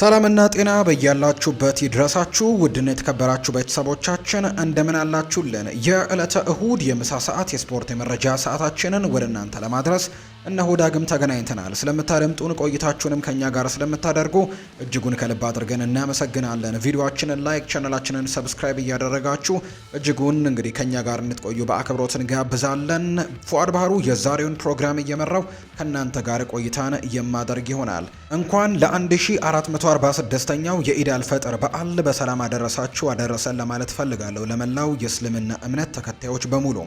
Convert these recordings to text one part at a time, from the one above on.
ሰላምና ጤና በያላችሁበት ይድረሳችሁ። ውድን የተከበራችሁ ቤተሰቦቻችን እንደምን አላችሁልን? የዕለተ እሁድ የምሳ ሰዓት የስፖርት የመረጃ ሰዓታችንን ወደ እናንተ ለማድረስ እነሆ ዳግም ተገናኝተናል። ስለምታደምጡን ቆይታችሁንም ከኛ ጋር ስለምታደርጉ እጅጉን ከልብ አድርገን እናመሰግናለን። ቪዲዮችንን ላይክ፣ ቻነላችንን ሰብስክራይብ እያደረጋችሁ እጅጉን እንግዲህ ከኛ ጋር እንድትቆዩ በአክብሮት እንጋብዛለን። ፉአድ ባህሩ የዛሬውን ፕሮግራም እየመራው ከእናንተ ጋር ቆይታን የማደርግ ይሆናል። እንኳን ለ1446ኛው የኢድ አልፈጥር በዓል በሰላም አደረሳችሁ አደረሰን ለማለት ፈልጋለሁ ለመላው የእስልምና እምነት ተከታዮች በሙሉ።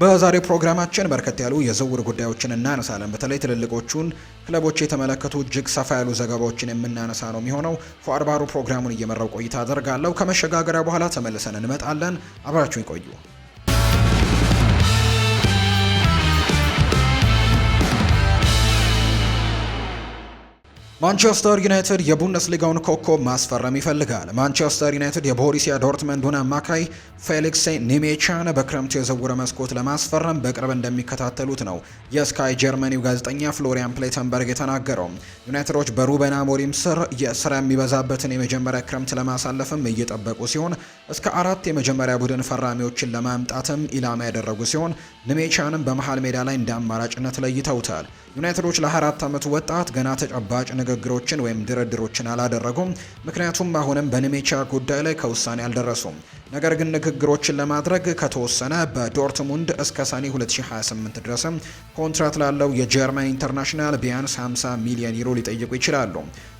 በዛሬው ፕሮግራማችን በርከት ያሉ የዝውውር ጉዳዮችን እናነሳ እናነሳለን። በተለይ ትልልቆቹን ክለቦች የተመለከቱ እጅግ ሰፋ ያሉ ዘገባዎችን የምናነሳ ነው የሚሆነው። ፎአድ ባሩ ፕሮግራሙን እየመራው ቆይታ አደርጋለሁ። ከመሸጋገሪያ በኋላ ተመልሰን እንመጣለን። አብራችሁ ይቆዩ። ማንቸስተር ዩናይትድ የቡንደስሊጋውን ኮከብ ማስፈረም ይፈልጋል። ማንቸስተር ዩናይትድ የቦሪሲያ ዶርትመንዱን አማካይ ፌሊክስ ኒሜቻን በክረምቱ የዝውውር መስኮት ለማስፈረም በቅርብ እንደሚከታተሉት ነው የስካይ ጀርመኒው ጋዜጠኛ ፍሎሪያን ፕሌተንበርግ የተናገረው። ዩናይትዶች በሩበን አሞሪም ስር የስራ የሚበዛበትን የመጀመሪያ ክረምት ለማሳለፍም እየጠበቁ ሲሆን እስከ አራት የመጀመሪያ ቡድን ፈራሚዎችን ለማምጣትም ኢላማ ያደረጉ ሲሆን ኒሜቻንም በመሀል ሜዳ ላይ እንደ አማራጭነት ለይተውታል። ዩናይትዶች ለ24 ዓመቱ ወጣት ገና ተጨባጭ ንግግሮችን ወይም ድርድሮችን አላደረጉም። ምክንያቱም አሁንም በንሜቻ ጉዳይ ላይ ከውሳኔ አልደረሱም። ነገር ግን ንግግሮችን ለማድረግ ከተወሰነ በዶርትሙንድ እስከ ሰኔ 2028 ድረስም ኮንትራት ላለው የጀርመን ኢንተርናሽናል ቢያንስ 50 ሚሊዮን ዩሮ ሊጠይቁ ይችላሉ።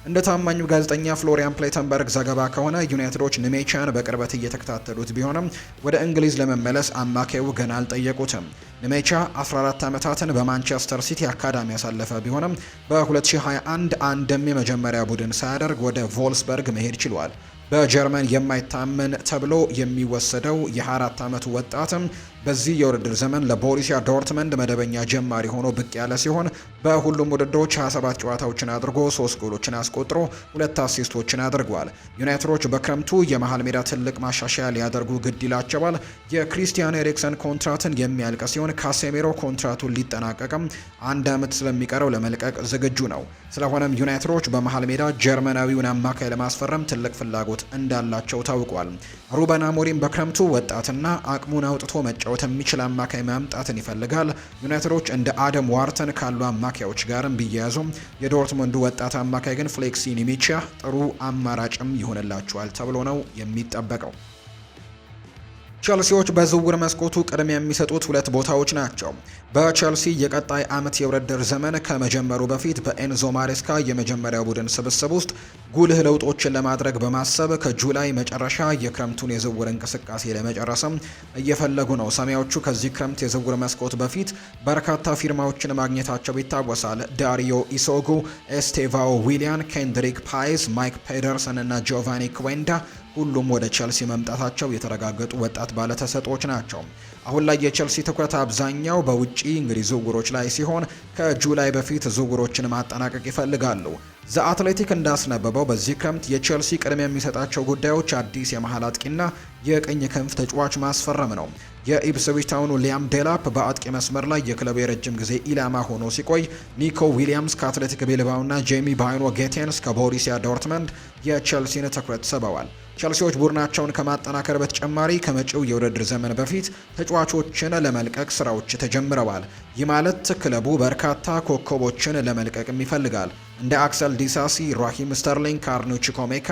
እንደ ታማኙ ጋዜጠኛ ፍሎሪያን ፕሌተንበርግ ዘገባ ከሆነ ዩናይትዶች ንሜቻን በቅርበት እየተከታተሉት ቢሆንም ወደ እንግሊዝ ለመመለስ አማካዩ ገና አልጠየቁትም። ንሜቻ 14 ዓመታትን በማንቸስተር ሲቲ አካዳሚ ያሳለፈ ቢሆንም በ2021 አንድም የመጀመሪያ ቡድን ሳያደርግ ወደ ቮልስበርግ መሄድ ችሏል። በጀርመን የማይታመን ተብሎ የሚወሰደው የ24 ዓመቱ ወጣትም በዚህ የውድድር ዘመን ለቦሪሲያ ዶርትመንድ መደበኛ ጀማሪ ሆኖ ብቅ ያለ ሲሆን በሁሉም ውድድሮች 27 ጨዋታዎችን አድርጎ 3 ጎሎችን አስቆጥሮ ሁለት አሲስቶችን አድርጓል። ዩናይትዶች በክረምቱ የመሃል ሜዳ ትልቅ ማሻሻያ ሊያደርጉ ግድ ይላቸዋል። የክሪስቲያን ኤሪክሰን ኮንትራትን የሚያልቅ ሲሆን ካሴሜሮ ኮንትራቱን ሊጠናቀቅም አንድ ዓመት ስለሚቀረው ለመልቀቅ ዝግጁ ነው። ስለሆነም ዩናይትዶች በመሃል ሜዳ ጀርመናዊውን አማካይ ለማስፈረም ትልቅ ፍላጎት እንዳላቸው ታውቋል። ሩበን አሞሪም በክረምቱ ወጣትና አቅሙን አውጥቶ መጫወ ሊያጫውት የሚችል አማካይ ማምጣትን ይፈልጋል። ዩናይትዶች እንደ አደም ዋርተን ካሉ አማካዮች ጋርም ቢያያዙም የዶርትሙንዱ ወጣት አማካይ ግን ፍሌክሲ ኒሚቻ ጥሩ አማራጭም ይሆንላቸዋል ተብሎ ነው የሚጠበቀው። ቸልሲዎች በዝውውር መስኮቱ ቅድሚያ የሚሰጡት ሁለት ቦታዎች ናቸው። በቸልሲ የቀጣይ ዓመት የውድድር ዘመን ከመጀመሩ በፊት በኤንዞ ማሬስካ የመጀመሪያ ቡድን ስብስብ ውስጥ ጉልህ ለውጦችን ለማድረግ በማሰብ ከጁላይ መጨረሻ የክረምቱን የዝውውር እንቅስቃሴ ለመጨረስም እየፈለጉ ነው። ሰማያዎቹ ከዚህ ክረምት የዝውውር መስኮት በፊት በርካታ ፊርማዎችን ማግኘታቸው ይታወሳል። ዳሪዮ ኢሶጉ፣ ኤስቴቫኦ ዊሊያን፣ ኬንድሪክ ፓይስ፣ ማይክ ፔደርሰን እና ጂኦቫኒ ክዌንዳ ሁሉም ወደ ቸልሲ መምጣታቸው የተረጋገጡ ወጣት ባለተሰጦች ናቸው። አሁን ላይ የቸልሲ ትኩረት አብዛኛው በውጪ እንግዲህ ዝውውሮች ላይ ሲሆን ከጁላይ በፊት ዝውውሮችን ማጠናቀቅ ይፈልጋሉ። ዘ አትሌቲክ እንዳስነበበው በዚህ ክረምት የቸልሲ ቅድሚያ የሚሰጣቸው ጉዳዮች አዲስ የመሀል አጥቂና የቅኝ ክንፍ ተጫዋች ማስፈረም ነው። የኢፕስዊች ታውኑ ሊያም ዴላፕ በአጥቂ መስመር ላይ የክለቡ የረጅም ጊዜ ኢላማ ሆኖ ሲቆይ፣ ኒኮ ዊሊያምስ ከአትሌቲክ ቤልባውና ጄሚ ባይኖ ጌቴንስ ከቦሪሲያ ዶርትመንድ የቸልሲን ትኩረት ስበዋል። ቸልሲዎች ቡድናቸውን ከማጠናከር በተጨማሪ ከመጪው የውድድር ዘመን በፊት ተጫዋቾችን ለመልቀቅ ስራዎች ተጀምረዋል። ይህ ማለት ክለቡ በርካታ ኮከቦችን ለመልቀቅም ይፈልጋል። እንደ አክሰል ዲሳሲ፣ ራሂም ስተርሊንግ፣ ካርኑቺ ኮሜካ፣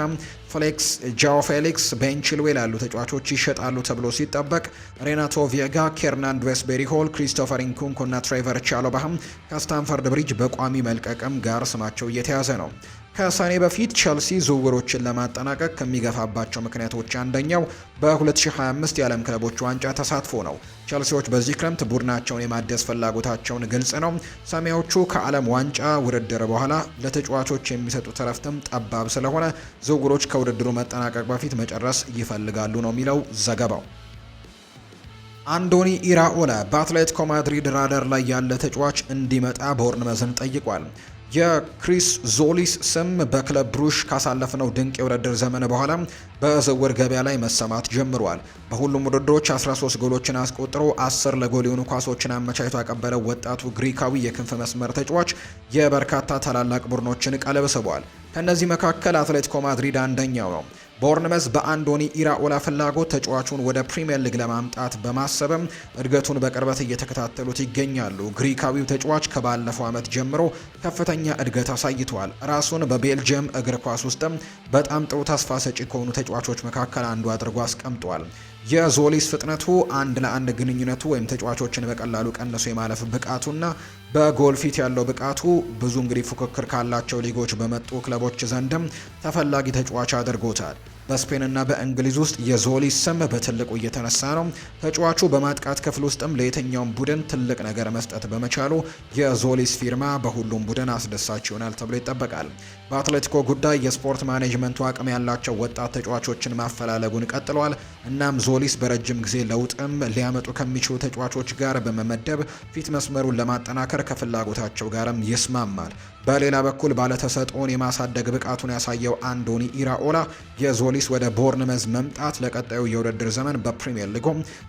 ፍሌክስ ጃኦ ፌሊክስ፣ ቤን ቺልዌል ያሉ ተጫዋቾች ይሸጣሉ ተብሎ ሲጠበቅ ሬናቶ ቪየጋ፣ ኬርናንድ ዌስቤሪ ሆል፣ ክሪስቶፈር ኢንኩንኮ እና ትሬቨር ቻሎባህም ከስታንፈርድ ብሪጅ በቋሚ መልቀቅም ጋር ስማቸው እየተያዘ ነው። ከሰኔ በፊት ቸልሲ ዝውውሮችን ለማጠናቀቅ ከሚገፋባቸው ምክንያቶች አንደኛው በ2025 የዓለም ክለቦች ዋንጫ ተሳትፎ ነው። ቸልሲዎች በዚህ ክረምት ቡድናቸውን የማደስ ፍላጎታቸውን ግልጽ ነው። ሰማያዊዎቹ ከዓለም ዋንጫ ውድድር በኋላ ለተጫዋቾች የሚሰጡት እረፍትም ጠባብ ስለሆነ ዝውውሮች ከውድድሩ መጠናቀቅ በፊት መጨረስ ይፈልጋሉ ነው የሚለው ዘገባው። አንዶኒ ኢራኦላ በአትሌቲኮ ማድሪድ ራደር ላይ ያለ ተጫዋች እንዲመጣ ቦርንመዝን ጠይቋል። የክሪስ ዞሊስ ስም በክለብ ብሩሽ ካሳለፍነው ድንቅ የውድድር ዘመን በኋላ በዝውውር ገበያ ላይ መሰማት ጀምሯል። በሁሉም ውድድሮች 13 ጎሎችን አስቆጥሮ 10 ለጎል የሆኑ ኳሶችን አመቻችቶ ያቀበለው ወጣቱ ግሪካዊ የክንፍ መስመር ተጫዋች የበርካታ ታላላቅ ቡድኖችን ቀለብ ስቧል። ከእነዚህ መካከል አትሌቲኮ ማድሪድ አንደኛው ነው። ቦርንመስ በአንዶኒ ኢራኦላ ፍላጎት ተጫዋቹን ወደ ፕሪምየር ሊግ ለማምጣት በማሰብም እድገቱን በቅርበት እየተከታተሉት ይገኛሉ። ግሪካዊው ተጫዋች ከባለፈው ዓመት ጀምሮ ከፍተኛ እድገት አሳይቷል። ራሱን በቤልጅየም እግር ኳስ ውስጥም በጣም ጥሩ ተስፋ ሰጪ ከሆኑ ተጫዋቾች መካከል አንዱ አድርጎ አስቀምጧል። የዞሊስ ፍጥነቱ አንድ ለአንድ ግንኙነቱ ወይም ተጫዋቾችን በቀላሉ ቀንሶ የማለፍ ብቃቱና በጎል ፊት ያለው ብቃቱ ብዙ እንግዲህ ፉክክር ካላቸው ሊጎች በመጡ ክለቦች ዘንድም ተፈላጊ ተጫዋች አድርጎታል። በስፔንና በእንግሊዝ ውስጥ የዞሊ ስም በትልቁ እየተነሳ ነው። ተጫዋቹ በማጥቃት ክፍል ውስጥም ለየትኛውም ቡድን ትልቅ ነገር መስጠት በመቻሉ የዞሊስ ፊርማ በሁሉም ቡድን አስደሳች ይሆናል ተብሎ ይጠበቃል። በአትሌቲኮ ጉዳይ የስፖርት ማኔጅመንቱ አቅም ያላቸው ወጣት ተጫዋቾችን ማፈላለጉን ቀጥሏል። እናም ዞሊስ በረጅም ጊዜ ለውጥም ሊያመጡ ከሚችሉ ተጫዋቾች ጋር በመመደብ ፊት መስመሩን ለማጠናከር ከፍላጎታቸው ጋርም ይስማማል። በሌላ በኩል ባለተሰጥኦን የማሳደግ ብቃቱን ያሳየው አንዶኒ ኢራኦላ የዞሊስ ወደ ቦርንመዝ መምጣት ለቀጣዩ የውድድር ዘመን በፕሪምየር ሊጉ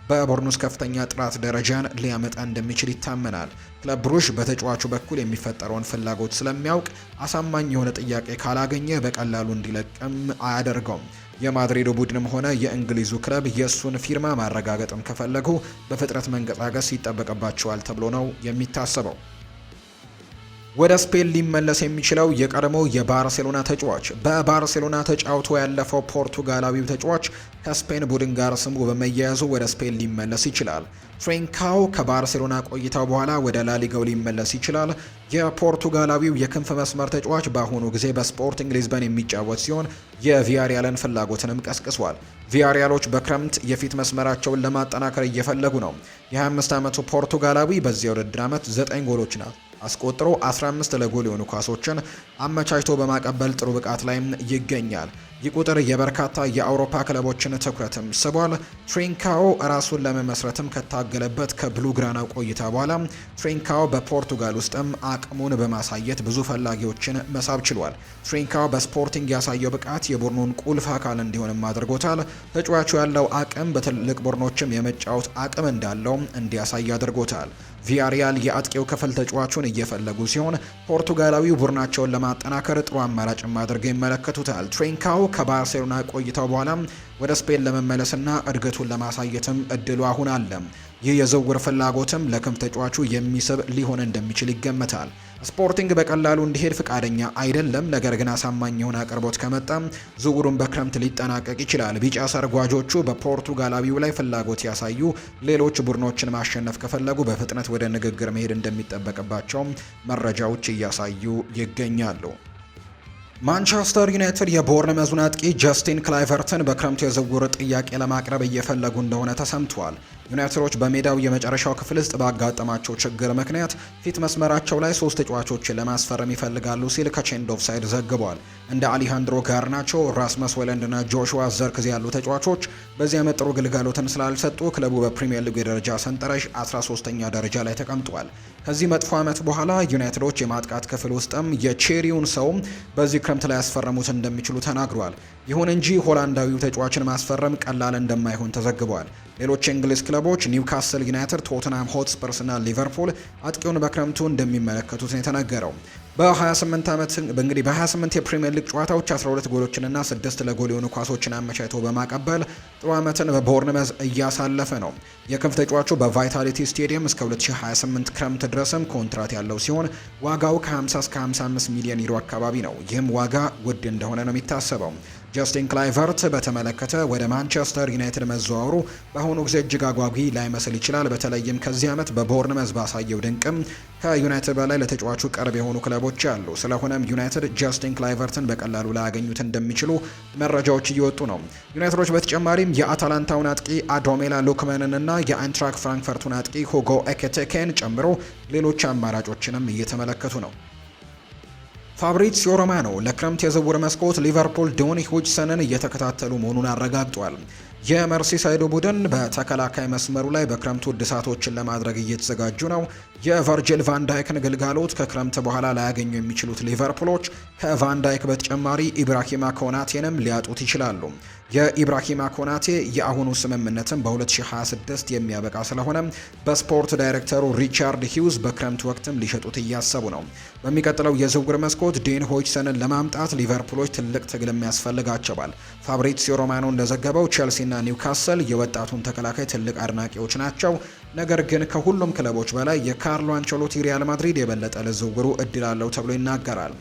በቦርኑስ ከፍተኛ ጥራት ደረጃን ሊያመጣ እንደሚችል ይታመናል። ክለብ ብሩሽ በተጫዋቹ በኩል የሚፈጠረውን ፍላጎት ስለሚያውቅ አሳማኝ የሆነ ጥያቄ ካላገኘ በቀላሉ እንዲለቅም አያደርገውም። የማድሪዱ ቡድንም ሆነ የእንግሊዙ ክለብ የእሱን ፊርማ ማረጋገጥም ከፈለጉ በፍጥነት መንቀሳቀስ ይጠበቅባቸዋል ተብሎ ነው የሚታሰበው። ወደ ስፔን ሊመለስ የሚችለው የቀድሞው የባርሴሎና ተጫዋች በባርሴሎና ተጫውቶ ያለፈው ፖርቱጋላዊው ተጫዋች ከስፔን ቡድን ጋር ስሙ በመያያዙ ወደ ስፔን ሊመለስ ይችላል። ፍሬንካው ከባርሴሎና ቆይታው በኋላ ወደ ላሊጋው ሊመለስ ይችላል። የፖርቱጋላዊው የክንፍ መስመር ተጫዋች በአሁኑ ጊዜ በስፖርቲንግ ሊዝበን የሚጫወት ሲሆን የቪያሪያልን ፍላጎትንም ቀስቅሷል። ቪያሪያሎች በክረምት የፊት መስመራቸውን ለማጠናከር እየፈለጉ ነው። የ25 ዓመቱ ፖርቱጋላዊ በዚያ ውድድር ዓመት 9 ጎሎች ናት አስቆጥሮ 15 ለጎል የሆኑ ኳሶችን አመቻችቶ በማቀበል ጥሩ ብቃት ላይም ይገኛል። ይህ ቁጥር የበርካታ የአውሮፓ ክለቦችን ትኩረትም ስቧል። ትሪንካኦ ራሱን ለመመስረትም ከታገለበት ከብሉ ግራና ቆይታ በኋላ ትሪንካኦ በፖርቱጋል ውስጥም አቅሙን በማሳየት ብዙ ፈላጊዎችን መሳብ ችሏል። ትሪንካኦ በስፖርቲንግ ያሳየው ብቃት የቡድኑን ቁልፍ አካል እንዲሆንም አድርጎታል። ተጫዋቹ ያለው አቅም በትልልቅ ቡድኖችም የመጫወት አቅም እንዳለው እንዲያሳይ አድርጎታል። ቪያሪያል የአጥቂው ክፍል ተጫዋቹን እየፈለጉ ሲሆን ፖርቱጋላዊው ቡድናቸውን ለማጠናከር ጥሩ አማራጭም አድርገው ይመለከቱታል። ትሬንካው ከባርሴሎና ቆይታው በኋላ ወደ ስፔን ለመመለስና እድገቱን ለማሳየትም እድሉ አሁን አለ። ይህ የዝውውር ፍላጎትም ለክንፍ ተጫዋቹ የሚስብ ሊሆን እንደሚችል ይገመታል። ስፖርቲንግ በቀላሉ እንዲሄድ ፍቃደኛ አይደለም። ነገር ግን አሳማኝ የሆነ አቅርቦት ከመጣም ዝውውሩን በክረምት ሊጠናቀቅ ይችላል። ቢጫ ሰርጓጆቹ በፖርቱጋላዊው ላይ ፍላጎት ያሳዩ ሌሎች ቡድኖችን ማሸነፍ ከፈለጉ በፍጥነት ወደ ንግግር መሄድ እንደሚጠበቅባቸው መረጃዎች እያሳዩ ይገኛሉ። ማንቸስተር ዩናይትድ የቦርን አጥቂ ጀስቲን ክላይቨርትን በክረምቱ የዝውውር ጥያቄ ለማቅረብ እየፈለጉ እንደሆነ ተሰምቷል። ዩናይትዶች በሜዳው የመጨረሻው ክፍል ውስጥ ባጋጠማቸው ችግር ምክንያት ፊት መስመራቸው ላይ ሶስት ተጫዋቾችን ለማስፈረም ይፈልጋሉ ሲል ከቼንድ ኦፍ ሳይድ ዘግቧል። እንደ አሊሃንድሮ ጋርናቾ፣ ራስመስ እና ጆሹዋ ዘርክዚ ያሉ ተጫዋቾች በዚህ ዓመት ጥሩ ግልጋሎትን ስላልሰጡ ክለቡ በፕሪምየር ሊግ የደረጃ ሰንጠረዥ 13ኛ ደረጃ ላይ ተቀምጧል። ከዚህ መጥፎ ዓመት በኋላ ዩናይትዶች የማጥቃት ክፍል ውስጥም የቼሪውን ሰውም በዚህ ክረምት ላይ ያስፈረሙት እንደሚችሉ ተናግሯል። ይሁን እንጂ ሆላንዳዊው ተጫዋችን ማስፈረም ቀላል እንደማይሆን ተዘግቧል። ሌሎች የእንግሊዝ ክለቦች ኒውካስል ዩናይትድ፣ ቶትናም እና ሊቨርፑል አጥቂውን በክረምቱ እንደሚመለከቱት ነው የተናገረው። በ28 ዓመት እንግዲህ በ28 የፕሪሚየር ሊግ ጨዋታዎች 12 ጎሎችንና 6 ለጎል የሆኑ ኳሶችን አመቻይቶ በማቀበል ጥሩ ዓመትን በቦርንመዝ እያሳለፈ ነው። የክንፍ ተጫዋቹ በቫይታሊቲ ስቴዲየም እስከ 2028 ክረምት ድረስም ኮንትራት ያለው ሲሆን ዋጋው ከ50 እስከ 55 ሚሊዮን ዩሮ አካባቢ ነው። ይህም ዋጋ ውድ እንደሆነ ነው የሚታሰበው። ጀስቲን ክላይቨርት በተመለከተ ወደ ማንቸስተር ዩናይትድ መዘዋወሩ በአሁኑ ጊዜ እጅግ አጓጊ ላይመስል ይችላል። በተለይም ከዚህ ዓመት በቦርንመዝ ባሳየው ድንቅም ከዩናይትድ በላይ ለተጫዋቹ ቅርብ የሆኑ ክለቦች አሉ። ስለሆነም ዩናይትድ ጀስቲን ክላይቨርትን በቀላሉ ላያገኙት እንደሚችሉ መረጃዎች እየወጡ ነው። ዩናይትዶች በተጨማሪም የአታላንታውን አጥቂ አዶሜላ ሉክመንንና የአይንትራክ ፍራንክፈርቱን አጥቂ ሁጎ ኤኬቴኬን ጨምሮ ሌሎች አማራጮችንም እየተመለከቱ ነው። ፋብሪዚዮ ሮማኖ ለክረምት የዝውውር መስኮት ሊቨርፑል ዶኒ ሁጅሰንን እየተከታተሉ መሆኑን አረጋግጧል። የመርሲሳይዶ ቡድን በተከላካይ መስመሩ ላይ በክረምቱ እድሳቶችን ለማድረግ እየተዘጋጁ ነው። የቨርጅል ቫንዳይክን ግልጋሎት ከክረምት በኋላ ላያገኙ የሚችሉት ሊቨርፑሎች ከቫንዳይክ በተጨማሪ ኢብራሂማ ኮናቴንም ሊያጡት ይችላሉ። የኢብራሂማ ኮናቴ የአሁኑ ስምምነትም በ2026 የሚያበቃ ስለሆነ በስፖርት ዳይሬክተሩ ሪቻርድ ሂውዝ በክረምት ወቅትም ሊሸጡት እያሰቡ ነው። በሚቀጥለው የዝውውር መስኮት ዴን ሆይችሰንን ለማምጣት ሊቨርፑሎች ትልቅ ትግልም ያስፈልጋቸዋል። ፋብሪዚዮ ሮማኖ እንደዘገበው ቼልሲና ኒውካስል የወጣቱን ተከላካይ ትልቅ አድናቂዎች ናቸው። ነገር ግን ከሁሉም ክለቦች በላይ የካርሎ አንቸሎቲ ሪያል ማድሪድ የበለጠ ለዝውውሩ እድል አለው ተብሎ ይናገራል።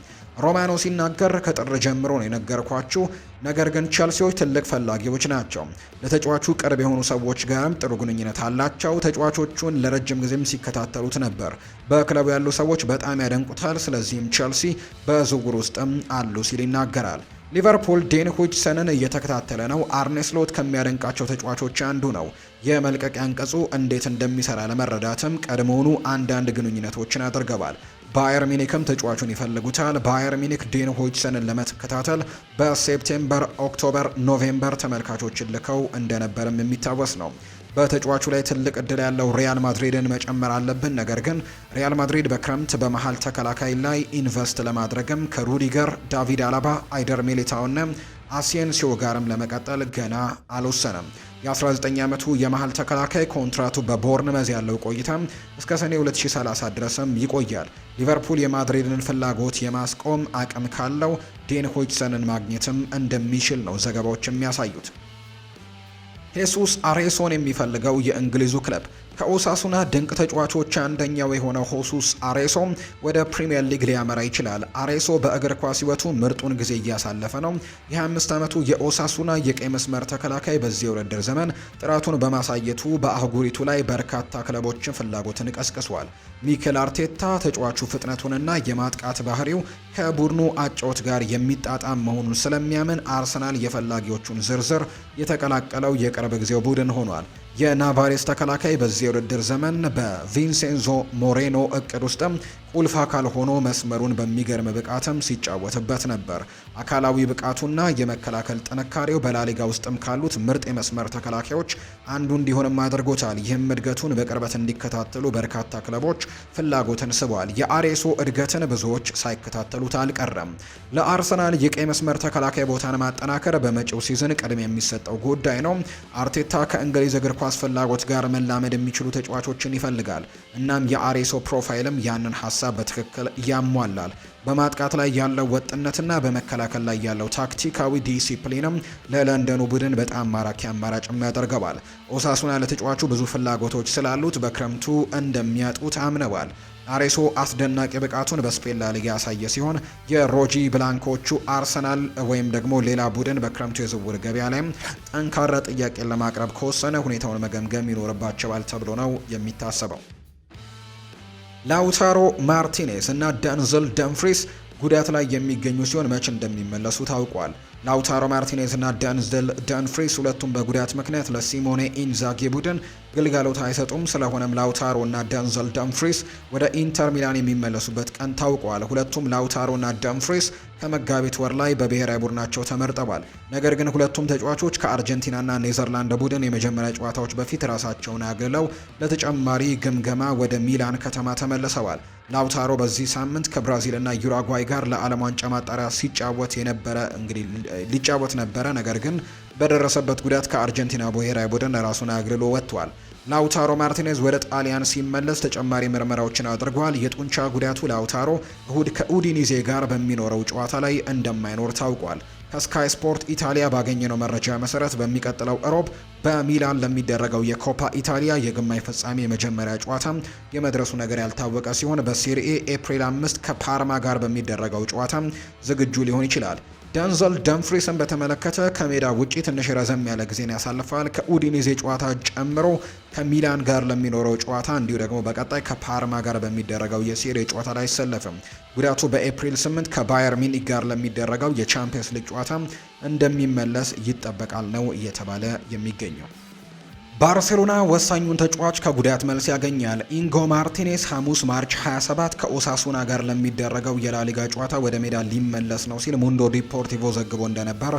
ሮማኖ ሲናገር ከጥር ጀምሮ ነው የነገርኳችሁ፣ ነገር ግን ቸልሲዎች ትልቅ ፈላጊዎች ናቸው። ለተጫዋቹ ቅርብ የሆኑ ሰዎች ጋርም ጥሩ ግንኙነት አላቸው። ተጫዋቾቹን ለረጅም ጊዜም ሲከታተሉት ነበር። በክለቡ ያሉ ሰዎች በጣም ያደንቁታል። ስለዚህም ቸልሲ በዝውውር ውስጥም አሉ ሲል ይናገራል። ሊቨርፑል ዴን ሁጅሰንን እየተከታተለ ነው። አርኔስሎት ከሚያደንቃቸው ተጫዋቾች አንዱ ነው። የመልቀቂያ አንቀጹ እንዴት እንደሚሰራ ለመረዳትም ቀድሞውኑ አንዳንድ ግንኙነቶችን አድርገዋል። ባየር ሚኒክም ተጫዋቹን ይፈልጉታል። ባየር ሚኒክ ዴን ሆጅሰንን ለመከታተል በሴፕቴምበር፣ ኦክቶበር፣ ኖቬምበር ተመልካቾችን ልከው እንደነበርም የሚታወስ ነው። በተጫዋቹ ላይ ትልቅ እድል ያለው ሪያል ማድሪድን መጨመር አለብን። ነገር ግን ሪያል ማድሪድ በክረምት በመሀል ተከላካይ ላይ ኢንቨስት ለማድረግም ከሩዲገር፣ ዳቪድ አላባ፣ አይደር ሚሊታውና አሴንሲዮ ጋርም ለመቀጠል ገና አልወሰነም። የ19 ዓመቱ የመሃል ተከላካይ ኮንትራቱ በቦርንመዝ ያለው ቆይታ እስከ ሰኔ 2030 ድረስም ይቆያል። ሊቨርፑል የማድሪድን ፍላጎት የማስቆም አቅም ካለው ዴን ሆጅሰንን ማግኘትም እንደሚችል ነው ዘገባዎች የሚያሳዩት። ሄሱስ አሬሶን የሚፈልገው የእንግሊዙ ክለብ ከኦሳሱና ድንቅ ተጫዋቾች አንደኛው የሆነው ሆሱስ አሬሶ ወደ ፕሪምየር ሊግ ሊያመራ ይችላል። አሬሶ በእግር ኳስ ሕይወቱ ምርጡን ጊዜ እያሳለፈ ነው። የ25 ዓመቱ የኦሳሱና የቀይ መስመር ተከላካይ በዚህ የውድድር ዘመን ጥራቱን በማሳየቱ በአህጉሪቱ ላይ በርካታ ክለቦችን ፍላጎትን ቀስቅሷል። ሚኬል አርቴታ ተጫዋቹ ፍጥነቱንና የማጥቃት ባህሪው ከቡድኑ አጫወት ጋር የሚጣጣም መሆኑን ስለሚያምን አርሰናል የፈላጊዎቹን ዝርዝር የተቀላቀለው የቅርብ ጊዜው ቡድን ሆኗል። የናቫሬስ ተከላካይ በዚህ የውድድር ዘመን በቪንሴንዞ ሞሬኖ እቅድ ውስጥም ቁልፍ አካል ሆኖ መስመሩን በሚገርም ብቃትም ሲጫወትበት ነበር። አካላዊ ብቃቱና የመከላከል ጥንካሬው በላሊጋ ውስጥም ካሉት ምርጥ የመስመር ተከላካዮች አንዱ እንዲሆንም አድርጎታል። ይህም እድገቱን በቅርበት እንዲከታተሉ በርካታ ክለቦች ፍላጎትን ስቧል። የአሬሶ እድገትን ብዙዎች ሳይከታተሉት አልቀረም። ለአርሰናል የቀይ መስመር ተከላካይ ቦታን ማጠናከር በመጪው ሲዝን ቅድሚያ የሚሰጠው ጉዳይ ነው። አርቴታ ከእንግሊዝ እግር ኳስ ፍላጎት ጋር መላመድ የሚችሉ ተጫዋቾችን ይፈልጋል። እናም የአሬሶ ፕሮፋይልም ያንን ሀሳብ ሀሳብ በትክክል ያሟላል። በማጥቃት ላይ ያለው ወጥነትና በመከላከል ላይ ያለው ታክቲካዊ ዲሲፕሊንም ለለንደኑ ቡድን በጣም ማራኪ አማራጭም ያደርገዋል። ኦሳሱና ለተጫዋቹ ብዙ ፍላጎቶች ስላሉት በክረምቱ እንደሚያጡት አምነዋል። አሬሶ አስደናቂ ብቃቱን በስፔን ላሊጋ ያሳየ ሲሆን የሮጂ ብላንኮቹ አርሰናል ወይም ደግሞ ሌላ ቡድን በክረምቱ የዝውውር ገበያ ላይም ጠንካራ ጥያቄን ለማቅረብ ከወሰነ ሁኔታውን መገምገም ይኖርባቸዋል ተብሎ ነው የሚታሰበው። ላውታሮ ማርቲኔስ እና ደንዘል ደንፍሪስ ጉዳት ላይ የሚገኙ ሲሆን መች እንደሚመለሱ ታውቋል። ላውታሮ ማርቲኔዝ እና ደንዝል ደንፍሪስ ሁለቱም በጉዳት ምክንያት ለሲሞኔ ኢንዛጊ ቡድን ግልጋሎት አይሰጡም። ስለሆነም ላውታሮ እና ደንዘል ደንፍሪስ ወደ ኢንተር ሚላን የሚመለሱበት ቀን ታውቋል። ሁለቱም ላውታሮ እና ደንፍሪስ ከመጋቢት ወር ላይ በብሔራዊ ቡድናቸው ተመርጠዋል። ነገር ግን ሁለቱም ተጫዋቾች ከአርጀንቲናና ኔዘርላንድ ቡድን የመጀመሪያ ጨዋታዎች በፊት ራሳቸውን አግልለው ለተጨማሪ ግምገማ ወደ ሚላን ከተማ ተመልሰዋል። ላውታሮ በዚህ ሳምንት ከብራዚልና ዩራጓይ ጋር ለዓለም ዋንጫ ማጣሪያ ሲጫወት የነበረ እንግዲህ ሊጫወት ነበረ። ነገር ግን በደረሰበት ጉዳት ከአርጀንቲና ብሔራዊ ቡድን ራሱን አግልሎ ወጥቷል። ላውታሮ ማርቲኔዝ ወደ ጣሊያን ሲመለስ ተጨማሪ ምርመራዎችን አድርጓል። የጡንቻ ጉዳቱ ላውታሮ እሁድ ከኡዲኒዜ ጋር በሚኖረው ጨዋታ ላይ እንደማይኖር ታውቋል። ከስካይ ስፖርት ኢታሊያ ባገኘነው መረጃ መሰረት በሚቀጥለው እሮብ በሚላን ለሚደረገው የኮፓ ኢታሊያ የግማሽ ፍጻሜ የመጀመሪያ ጨዋታ የመድረሱ ነገር ያልታወቀ ሲሆን በሴሪኤ ኤፕሪል አምስት ከፓርማ ጋር በሚደረገው ጨዋታ ዝግጁ ሊሆን ይችላል። ዳንዘል ደምፍሪስን በተመለከተ ከሜዳ ውጪ ትንሽ ረዘም ያለ ጊዜን ያሳልፋል። ከኡዲኔዜ ጨዋታ ጨምሮ ከሚላን ጋር ለሚኖረው ጨዋታ እንዲሁ ደግሞ በቀጣይ ከፓርማ ጋር በሚደረገው የሴሪ ጨዋታ ላይ አይሰለፍም። ጉዳቱ በኤፕሪል 8 ከባየር ሚኒክ ጋር ለሚደረገው የቻምፒየንስ ሊግ ጨዋታ እንደሚመለስ ይጠበቃል ነው እየተባለ የሚገኘው። ባርሴሎና ወሳኙን ተጫዋች ከጉዳት መልስ ያገኛል። ኢንጎ ማርቲኔስ ሐሙስ ማርች 27 ከኦሳሱና ጋር ለሚደረገው የላሊጋ ጨዋታ ወደ ሜዳ ሊመለስ ነው ሲል ሙንዶ ዲፖርቲቮ ዘግቦ እንደነበር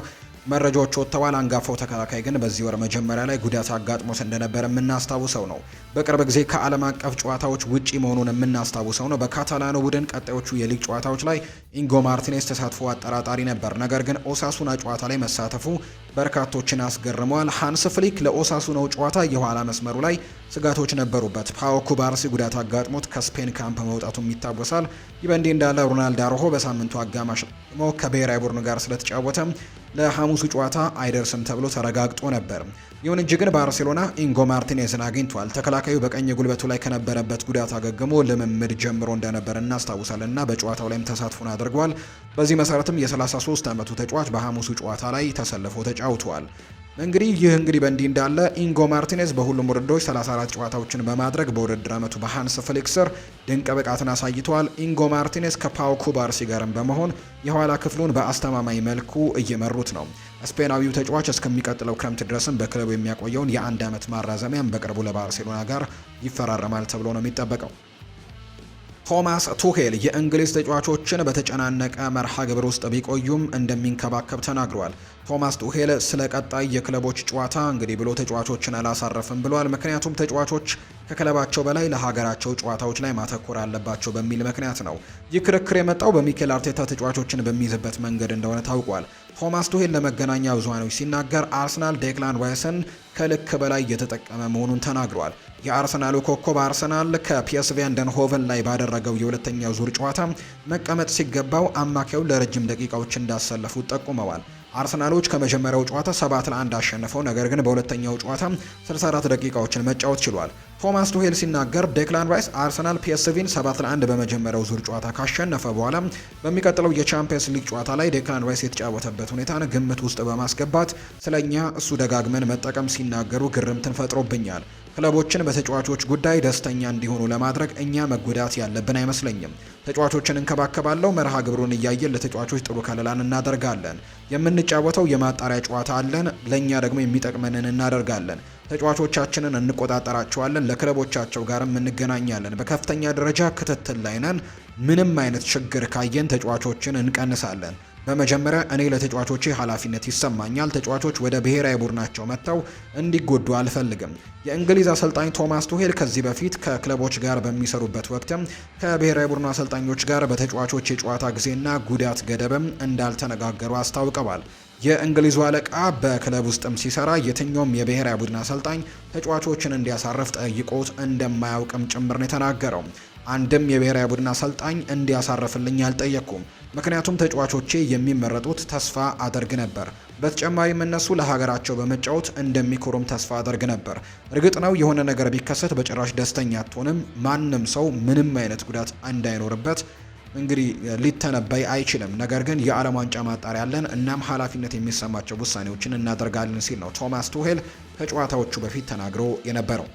መረጃዎች ወጥተዋል። አንጋፋው ተከላካይ ግን በዚህ ወር መጀመሪያ ላይ ጉዳት አጋጥሞት እንደነበር የምናስታውሰው ነው። በቅርብ ጊዜ ከዓለም አቀፍ ጨዋታዎች ውጪ መሆኑን የምናስታውሰው ነው። በካታላኑ ቡድን ቀጣዮቹ የሊግ ጨዋታዎች ላይ ኢንጎ ማርቲኔስ ተሳትፎ አጠራጣሪ ነበር። ነገር ግን ኦሳሱና ጨዋታ ላይ መሳተፉ በርካቶችን አስገርመዋል። ሃንስ ፍሊክ ለኦሳሱናው ጨዋታ የኋላ መስመሩ ላይ ስጋቶች ነበሩበት። ፓኦ ኩባርሲ ጉዳት አጋጥሞት ከስፔን ካምፕ መውጣቱም ይታወሳል። ይህ በእንዲህ እንዳለ ሮናልድ አሮሆ በሳምንቱ አጋማሽ ደግሞ ከብሔራዊ ቡድኑ ጋር ስለተጫወተ ለሐሙሱ ጨዋታ አይደርስም ተብሎ ተረጋግጦ ነበር። ይሁን እንጂ ግን ባርሴሎና ኢንጎ ማርቲኔዝን አግኝቷል። ተከላካዩ በቀኝ ጉልበቱ ላይ ከነበረበት ጉዳት አገግሞ ልምምድ ጀምሮ እንደነበር እናስታውሳለን እና በጨዋታው ላይም ተሳትፎን አድርጓል። በዚህ መሰረትም የ33 ዓመቱ ተጫዋች በሐሙሱ ጨዋታ ላይ ተሰልፎ ተጫውቷል። እንግዲህ ይህ እንግዲህ በእንዲህ እንዳለ ኢንጎ ማርቲኔዝ በሁሉም ውድድሮች 34 ጨዋታዎችን በማድረግ በውድድር አመቱ በሃንስ ፍሊክ ስር ድንቅ ብቃትን አሳይተዋል። ኢንጎ ማርቲኔዝ ከፓው ኩባርሲ ጋርም በመሆን የኋላ ክፍሉን በአስተማማኝ መልኩ እየመሩት ነው። ስፔናዊው ተጫዋች እስከሚቀጥለው ክረምት ድረስም በክለቡ የሚያቆየውን የአንድ አመት ማራዘሚያም በቅርቡ ለባርሴሎና ጋር ይፈራረማል ተብሎ ነው የሚጠበቀው። ቶማስ ቱሄል የእንግሊዝ ተጫዋቾችን በተጨናነቀ መርሃ ግብር ውስጥ ቢቆዩም እንደሚንከባከብ ተናግሯል። ቶማስ ቱሄል ስለ ቀጣይ የክለቦች ጨዋታ እንግዲህ ብሎ ተጫዋቾችን አላሳረፍም ብሏል። ምክንያቱም ተጫዋቾች ከክለባቸው በላይ ለሀገራቸው ጨዋታዎች ላይ ማተኮር አለባቸው በሚል ምክንያት ነው። ይህ ክርክር የመጣው በሚኬል አርቴታ ተጫዋቾችን በሚይዝበት መንገድ እንደሆነ ታውቋል። ቶማስ ቱሄል ለመገናኛ ብዙሃኖች ሲናገር አርሰናል ዴክላን ዋይስን ከልክ በላይ እየተጠቀመ መሆኑን ተናግሯል። የአርሰናሉ ኮከብ አርሰናል ከፒኤስቪ አይንድሆቨን ላይ ባደረገው የሁለተኛው ዙር ጨዋታ መቀመጥ ሲገባው አማካዩ ለረጅም ደቂቃዎች እንዳሰለፉት ጠቁመዋል። አርሰናሎች ከመጀመሪያው ጨዋታ 7 ለ1 አሸንፈው ነገር ግን በሁለተኛው ጨዋታ 64 ደቂቃዎችን መጫወት ችሏል። ቶማስ ቱሄል ሲናገር ዴክላን ራይስ አርሰናል ፒኤስቪን 7 ለ1 በመጀመሪያው ዙር ጨዋታ ካሸነፈ በኋላ በሚቀጥለው የቻምፒየንስ ሊግ ጨዋታ ላይ ዴክላን ራይስ የተጫወተበት ሁኔታን ግምት ውስጥ በማስገባት ስለኛ እሱ ደጋግመን መጠቀም ሲናገሩ ግርምትን ፈጥሮብኛል። ክለቦችን በተጫዋቾች ጉዳይ ደስተኛ እንዲሆኑ ለማድረግ እኛ መጎዳት ያለብን አይመስለኝም። ተጫዋቾችን እንከባከባለው መርሃ ግብሩን እያየን ለተጫዋቾች ጥሩ ከለላን እናደርጋለን። የምንጫወተው የማጣሪያ ጨዋታ አለን። ለእኛ ደግሞ የሚጠቅመንን እናደርጋለን። ተጫዋቾቻችንን እንቆጣጠራቸዋለን። ለክለቦቻቸው ጋርም እንገናኛለን። በከፍተኛ ደረጃ ክትትል ላይ ነን። ምንም አይነት ችግር ካየን ተጫዋቾችን እንቀንሳለን። በመጀመሪያ እኔ ለተጫዋቾቼ ኃላፊነት ይሰማኛል። ተጫዋቾች ወደ ብሔራዊ ቡድናቸው መጥተው እንዲጎዱ አልፈልግም። የእንግሊዝ አሰልጣኝ ቶማስ ቱሄል ከዚህ በፊት ከክለቦች ጋር በሚሰሩበት ወቅትም ከብሔራዊ ቡድኑ አሰልጣኞች ጋር በተጫዋቾች የጨዋታ ጊዜና ጉዳት ገደብም እንዳልተነጋገሩ አስታውቀዋል። የእንግሊዙ አለቃ በክለብ ውስጥም ሲሰራ የትኛውም የብሔራዊ ቡድን አሰልጣኝ ተጫዋቾችን እንዲያሳርፍ ጠይቆት እንደማያውቅም ጭምር ነው የተናገረው። አንድም የብሔራዊ ቡድን አሰልጣኝ እንዲያሳርፍልኝ አልጠየቅኩም። ምክንያቱም ተጫዋቾቼ የሚመረጡት ተስፋ አደርግ ነበር። በተጨማሪም እነሱ ለሀገራቸው በመጫወት እንደሚኮሩም ተስፋ አደርግ ነበር። እርግጥ ነው የሆነ ነገር ቢከሰት በጭራሽ ደስተኛ አትሆንም። ማንም ሰው ምንም አይነት ጉዳት እንዳይኖርበት እንግዲህ ሊተነበይ አይችልም። ነገር ግን የዓለም ዋንጫ ማጣሪያ አለን፣ እናም ኃላፊነት የሚሰማቸው ውሳኔዎችን እናደርጋለን ሲል ነው ቶማስ ቱሄል ከጨዋታዎቹ በፊት ተናግሮ የነበረው።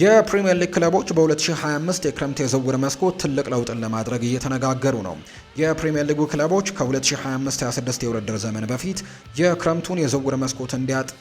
የፕሪምየር ሊግ ክለቦች በ2025 የክረምት የዝውውር መስኮት ትልቅ ለውጥን ለማድረግ እየተነጋገሩ ነው። የፕሪምየር ሊጉ ክለቦች ከ2025/26 የውድድር ዘመን በፊት የክረምቱን የዝውውር መስኮት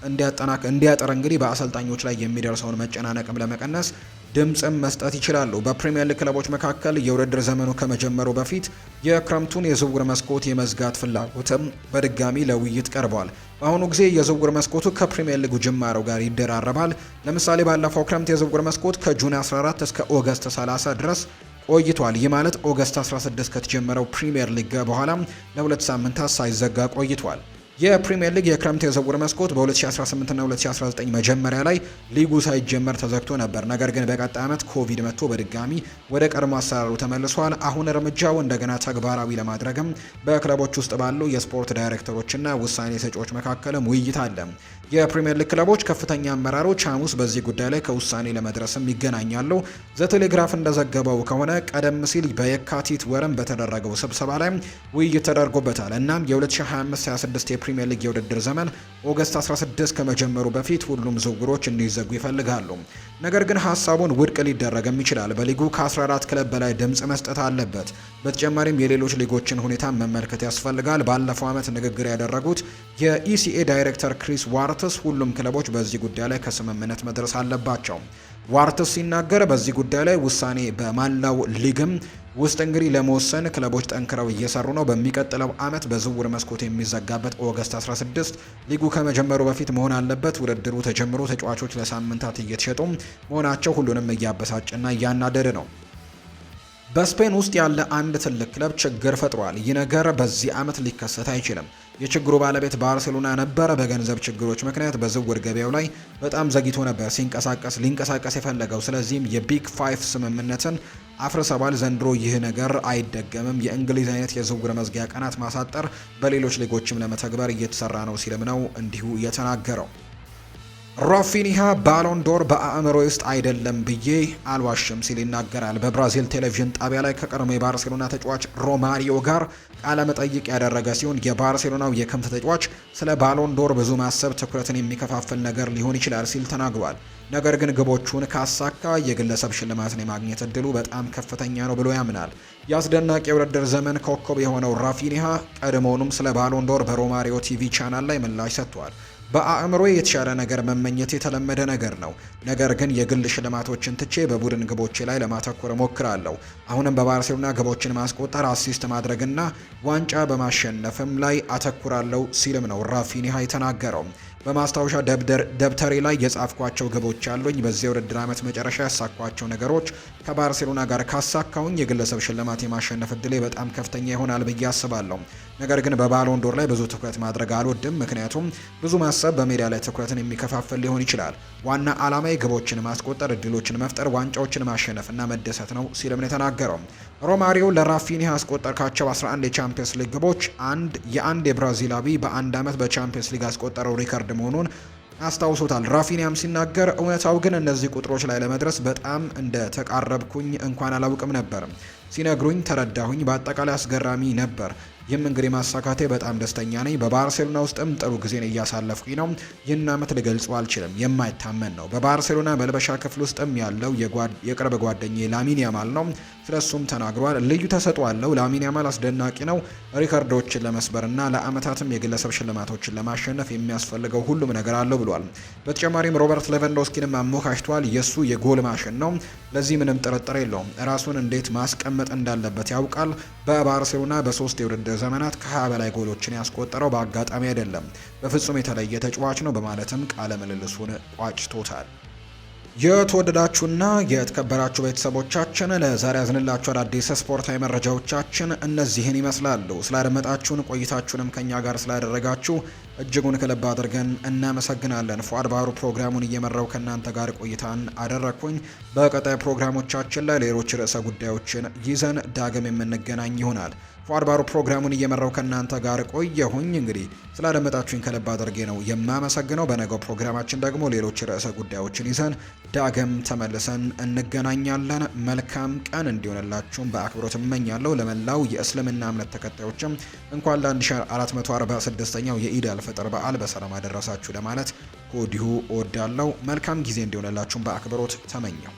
እንዲያጠናቅ እንዲያጠር እንግዲህ በአሰልጣኞች ላይ የሚደርሰውን መጨናነቅም ለመቀነስ ድምፅም መስጠት ይችላሉ። በፕሪምየር ሊግ ክለቦች መካከል የውድድር ዘመኑ ከመጀመሩ በፊት የክረምቱን የዝውውር መስኮት የመዝጋት ፍላጎትም በድጋሚ ለውይይት ቀርቧል። በአሁኑ ጊዜ የዝውውር መስኮቱ ከፕሪምየር ሊጉ ጅማሮ ጋር ይደራረባል። ለምሳሌ ባለፈው ክረምት የዝውውር መስኮት ከጁን 14 እስከ ኦገስት 30 ድረስ ቆይቷል። ይህ ማለት ኦገስት 16 ከተጀመረው ፕሪምየር ሊግ በኋላ ለሁለት ሳምንታት ሳይዘጋ ቆይቷል። የፕሪምየር ሊግ የክረምት የዝውውር መስኮት በ 2018 እና 2019 መጀመሪያ ላይ ሊጉ ሳይጀመር ተዘግቶ ነበር። ነገር ግን በቀጣይ ዓመት ኮቪድ መጥቶ በድጋሚ ወደ ቀድሞ አሰራሩ ተመልሷል። አሁን እርምጃው እንደገና ተግባራዊ ለማድረግም በክለቦች ውስጥ ባሉ የስፖርት ዳይሬክተሮችና ውሳኔ ሰጪዎች መካከልም ውይይት አለ። የፕሪምየር ሊግ ክለቦች ከፍተኛ አመራሮች ሐሙስ በዚህ ጉዳይ ላይ ከውሳኔ ለመድረስም ይገናኛሉ። ዘቴሌግራፍ እንደዘገበው ከሆነ ቀደም ሲል በየካቲት ወርም በተደረገው ስብሰባ ላይ ውይይት ተደርጎበታል። እናም የ2025/26 የፕሪምየር ሊግ የውድድር ዘመን ኦገስት 16 ከመጀመሩ በፊት ሁሉም ዝውውሮች እንዲዘጉ ይፈልጋሉ። ነገር ግን ሀሳቡን ውድቅ ሊደረግም ይችላል። በሊጉ ከ14 ክለብ በላይ ድምፅ መስጠት አለበት። በተጨማሪም የሌሎች ሊጎችን ሁኔታ መመልከት ያስፈልጋል። ባለፈው ዓመት ንግግር ያደረጉት የኢሲኤ ዳይሬክተር ክሪስ ዋርትስ ሁሉም ክለቦች በዚህ ጉዳይ ላይ ከስምምነት መድረስ አለባቸው። ዋርትስ ሲናገር በዚህ ጉዳይ ላይ ውሳኔ በማላው ሊግም ውስጥ እንግዲህ ለመወሰን ክለቦች ጠንክረው እየሰሩ ነው። በሚቀጥለው ዓመት በዝውውር መስኮት የሚዘጋበት ኦገስት 16 ሊጉ ከመጀመሩ በፊት መሆን አለበት። ውድድሩ ተጀምሮ ተጫዋቾች ለሳምንታት እየተሸጡ መሆናቸው ሁሉንም እያበሳጭና እያናደደ ነው። በስፔን ውስጥ ያለ አንድ ትልቅ ክለብ ችግር ፈጥሯል። ይህ ነገር በዚህ ዓመት ሊከሰት አይችልም። የችግሩ ባለቤት ባርሴሎና ነበረ። በገንዘብ ችግሮች ምክንያት በዝውውር ገበያው ላይ በጣም ዘግይቶ ነበር ሲንቀሳቀስ ሊንቀሳቀስ የፈለገው። ስለዚህም የቢግ ፋይፍ ስምምነትን አፍርሰዋል። ዘንድሮ ይህ ነገር አይደገምም። የእንግሊዝ አይነት የዝውውር መዝጊያ ቀናት ማሳጠር በሌሎች ሊጎችም ለመተግበር እየተሰራ ነው ሲልም ነው እንዲሁ የተናገረው። ሮፊኒሃ ባሎንዶር በአእምሮ ውስጥ አይደለም ብዬ አልዋሽም ሲል ይናገራል። በብራዚል ቴሌቪዥን ጣቢያ ላይ ከቀድሞ የባርሴሎና ተጫዋች ሮማሪዮ ጋር ቃለመጠይቅ ያደረገ ሲሆን የባርሴሎናው የክንፍ ተጫዋች ስለ ባሎንዶር ብዙ ማሰብ ትኩረትን የሚከፋፍል ነገር ሊሆን ይችላል ሲል ተናግሯል። ነገር ግን ግቦቹን ካሳካ የግለሰብ ሽልማትን የማግኘት እድሉ በጣም ከፍተኛ ነው ብሎ ያምናል። የአስደናቂ የውድድር ዘመን ኮከብ የሆነው ራፊኒሃ ቀድሞውንም ስለ ባሎንዶር በሮማሪዮ ቲቪ ቻናል ላይ ምላሽ ሰጥቷል። በአእምሮ የተሻለ ነገር መመኘት የተለመደ ነገር ነው። ነገር ግን የግል ሽልማቶችን ትቼ በቡድን ግቦቼ ላይ ለማተኮር እሞክራለሁ። አሁንም በባርሴሎና ግቦችን ማስቆጠር፣ አሲስት ማድረግና ዋንጫ በማሸነፍም ላይ አተኩራለሁ ሲልም ነው ራፊኒሃ የተናገረው። በማስታወሻ ደብተሬ ላይ የጻፍኳቸው ግቦች አሉኝ። በዚያ ውድድር ዓመት መጨረሻ ያሳኳቸው ነገሮች ከባርሴሎና ጋር ካሳካውኝ የግለሰብ ሽልማት የማሸነፍ እድሌ በጣም ከፍተኛ ይሆናል ብዬ አስባለሁ። ነገር ግን በባሎን ዶር ላይ ብዙ ትኩረት ማድረግ አልወድም፣ ምክንያቱም ብዙ ማሰብ በሜዳ ላይ ትኩረትን የሚከፋፈል ሊሆን ይችላል። ዋና ዓላማ ግቦችን ማስቆጠር፣ እድሎችን መፍጠር፣ ዋንጫዎችን ማሸነፍና መደሰት ነው ሲልም ነው የተናገረው። ሮማሪዮ ለራፊኒሃ ያስቆጠርካቸው 11 የቻምፒየንስ ሊግ ግቦች አንድ የአንድ የብራዚላዊ በአንድ ዓመት በቻምፒየንስ ሊግ ያስቆጠረው ሪከርድ መሆኑን አስታውሶታል። ራፊኒያም ሲናገር እውነታው ግን እነዚህ ቁጥሮች ላይ ለመድረስ በጣም እንደ ተቃረብኩኝ እንኳን አላውቅም ነበር። ሲነግሩኝ ተረዳሁኝ። በአጠቃላይ አስገራሚ ነበር። ይህም እንግዲህ ማሳካቴ በጣም ደስተኛ ነኝ። በባርሴሎና ውስጥም ጥሩ ጊዜን እያሳለፍኩኝ ነው። ይህን አመት ልገልጹ አልችልም። የማይታመን ነው። በባርሴሎና መልበሻ ክፍል ውስጥም ያለው የቅርብ ጓደኛ ላሚን ያማል ነው። ስለሱም ተናግሯል። ልዩ ተሰጥኦ አለው። ላሚን ያማል አስደናቂ ነው። ሪከርዶችን ለመስበርና ለአመታትም የግለሰብ ሽልማቶችን ለማሸነፍ የሚያስፈልገው ሁሉም ነገር አለው ብሏል። በተጨማሪም ሮበርት ሌቫንዶስኪንም አሞካሽቷል። የሱ የጎል ማሽን ነው። ለዚህ ምንም ጥርጥር የለውም። ራሱን እንዴት ማስቀመጥ እንዳለበት ያውቃል። በባርሴሎና በሶስት የውድድር ዘመናት ከ በላይ ጎሎችን ያስቆጠረው በአጋጣሚ አይደለም። በፍጹም የተለየ ተጫዋች ነው በማለትም ቃለ ምልልሱን ቋጭቶታል። የተወደዳችሁና የተከበራችሁ ቤተሰቦቻችን ለዛሬ ያዝንላችሁ አዳዲስ ስፖርታዊ መረጃዎቻችን እነዚህን ይመስላሉ። ስላደመጣችሁን ቆይታችሁንም ከኛ ጋር ስላደረጋችሁ እጅጉን ክልብ አድርገን እናመሰግናለን። ፏድ ባህሩ ፕሮግራሙን እየመራው ከእናንተ ጋር ቆይታን አደረግኩኝ። በቀጣይ ፕሮግራሞቻችን ላይ ሌሎች ርዕሰ ጉዳዮችን ይዘን ዳግም የምንገናኝ ይሆናል። ፏድባሮ ፕሮግራሙን እየመራው ከእናንተ ጋር ቆየሁኝ። እንግዲህ ስላደመጣችሁኝ ከልብ አድርጌ ነው የማመሰግነው። በነገው ፕሮግራማችን ደግሞ ሌሎች ርዕሰ ጉዳዮችን ይዘን ዳግም ተመልሰን እንገናኛለን። መልካም ቀን እንዲሆንላችሁም በአክብሮት እመኛለሁ። ለመላው የእስልምና እምነት ተከታዮችም እንኳን ለ1446ኛው የኢድ አልፈጥር በዓል በሰላም አደረሳችሁ ለማለት ከወዲሁ እወዳለሁ። መልካም ጊዜ እንዲሆንላችሁም በአክብሮት ተመኘው።